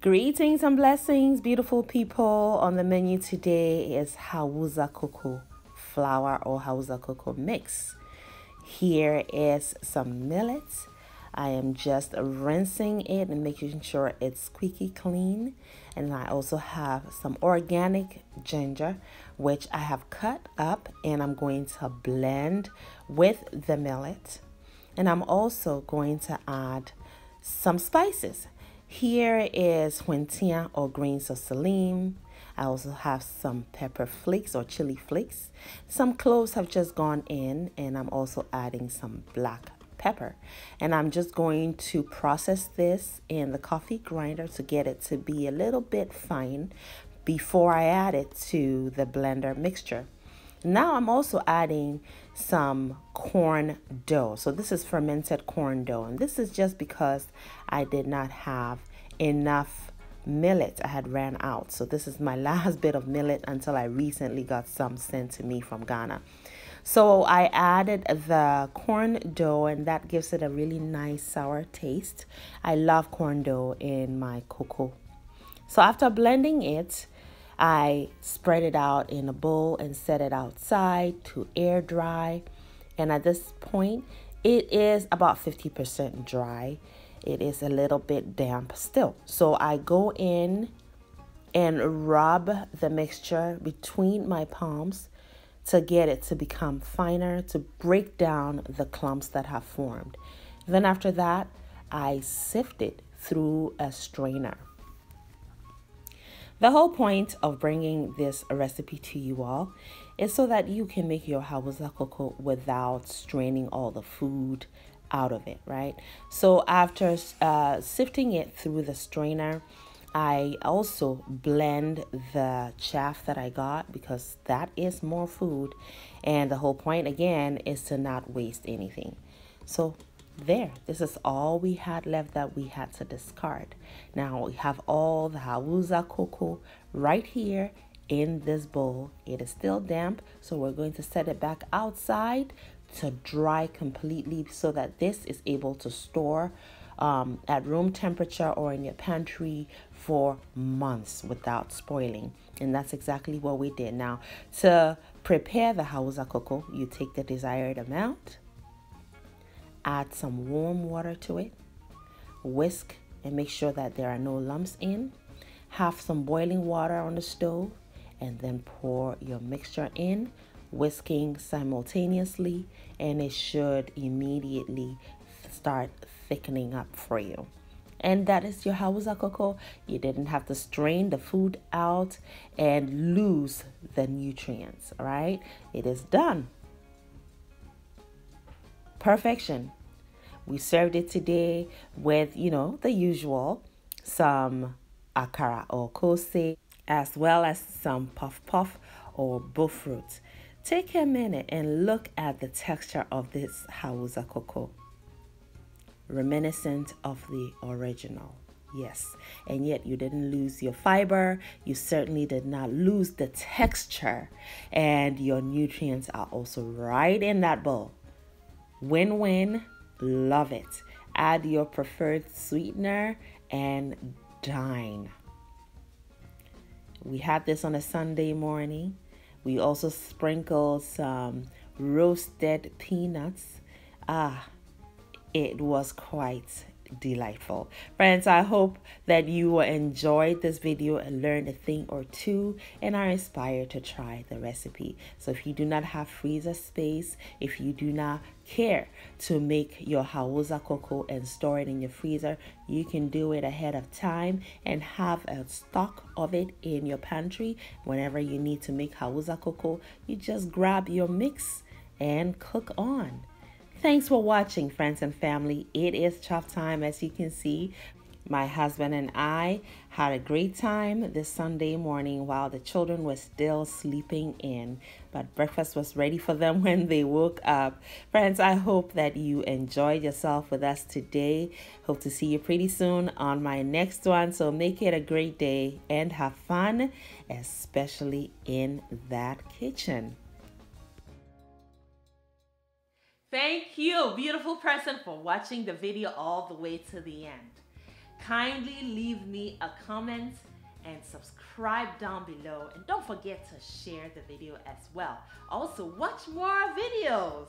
Greetings and blessings, beautiful people. On the menu today is Hausa cocoa flour or Hausa cocoa mix. Here is some millet. I am just rinsing it and making sure it's squeaky clean. And I also have some organic ginger, which I have cut up and I'm going to blend with the millet. And I'm also going to add some spices. Here is huentia or grains of salim. I also have some pepper flakes or chili flakes. Some cloves have just gone in and I'm also adding some black pepper. And I'm just going to process this in the coffee grinder to get it to be a little bit fine before I add it to the blender mixture. Now I'm also adding some corn dough. So this is fermented corn dough. And this is just because I did not have enough millet. I had ran out. So this is my last bit of millet until I recently got some sent to me from Ghana. So I added the corn dough and that gives it a really nice sour taste. I love corn dough in my cocoa. So after blending it, I spread it out in a bowl and set it outside to air dry. And at this point, it is about 50% dry. It is a little bit damp still. So I go in and rub the mixture between my palms to get it to become finer, to break down the clumps that have formed. Then after that, I sift it through a strainer. The whole point of bringing this recipe to you all is so that you can make your hawazakoko without straining all the food out of it, right? So after uh, sifting it through the strainer, I also blend the chaff that I got because that is more food. And the whole point again is to not waste anything. So there. This is all we had left that we had to discard. Now we have all the Hawuza cocoa right here in this bowl. It is still damp, so we're going to set it back outside to dry completely so that this is able to store um, at room temperature or in your pantry for months without spoiling. And that's exactly what we did. Now, to prepare the Hausa cocoa, you take the desired amount add some warm water to it, whisk and make sure that there are no lumps in, have some boiling water on the stove, and then pour your mixture in, whisking simultaneously, and it should immediately start thickening up for you. And that is your Hausa cocoa. You didn't have to strain the food out and lose the nutrients, All right, It is done perfection. We served it today with, you know, the usual some akara or kose, as well as some puff puff or fruit. Take a minute and look at the texture of this hausa cocoa. Reminiscent of the original. Yes, and yet you didn't lose your fiber, you certainly did not lose the texture, and your nutrients are also right in that bowl. Win win, love it. Add your preferred sweetener and dine. We had this on a Sunday morning. We also sprinkled some roasted peanuts. Ah, it was quite delightful. Friends, I hope that you enjoyed this video and learned a thing or two and are inspired to try the recipe. So if you do not have freezer space, if you do not care to make your hawusa cocoa and store it in your freezer, you can do it ahead of time and have a stock of it in your pantry. Whenever you need to make hawusa cocoa, you just grab your mix and cook on. Thanks for watching, friends and family. It is chuff time, as you can see. My husband and I had a great time this Sunday morning while the children were still sleeping in, but breakfast was ready for them when they woke up. Friends, I hope that you enjoyed yourself with us today. Hope to see you pretty soon on my next one. So make it a great day and have fun, especially in that kitchen. Thank you, beautiful person, for watching the video all the way to the end. Kindly leave me a comment and subscribe down below and don't forget to share the video as well. Also, watch more videos.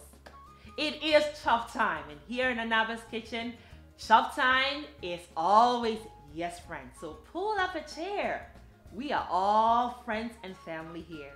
It is chop time and here in Anaba's kitchen, chop time is always yes friend. So pull up a chair. We are all friends and family here.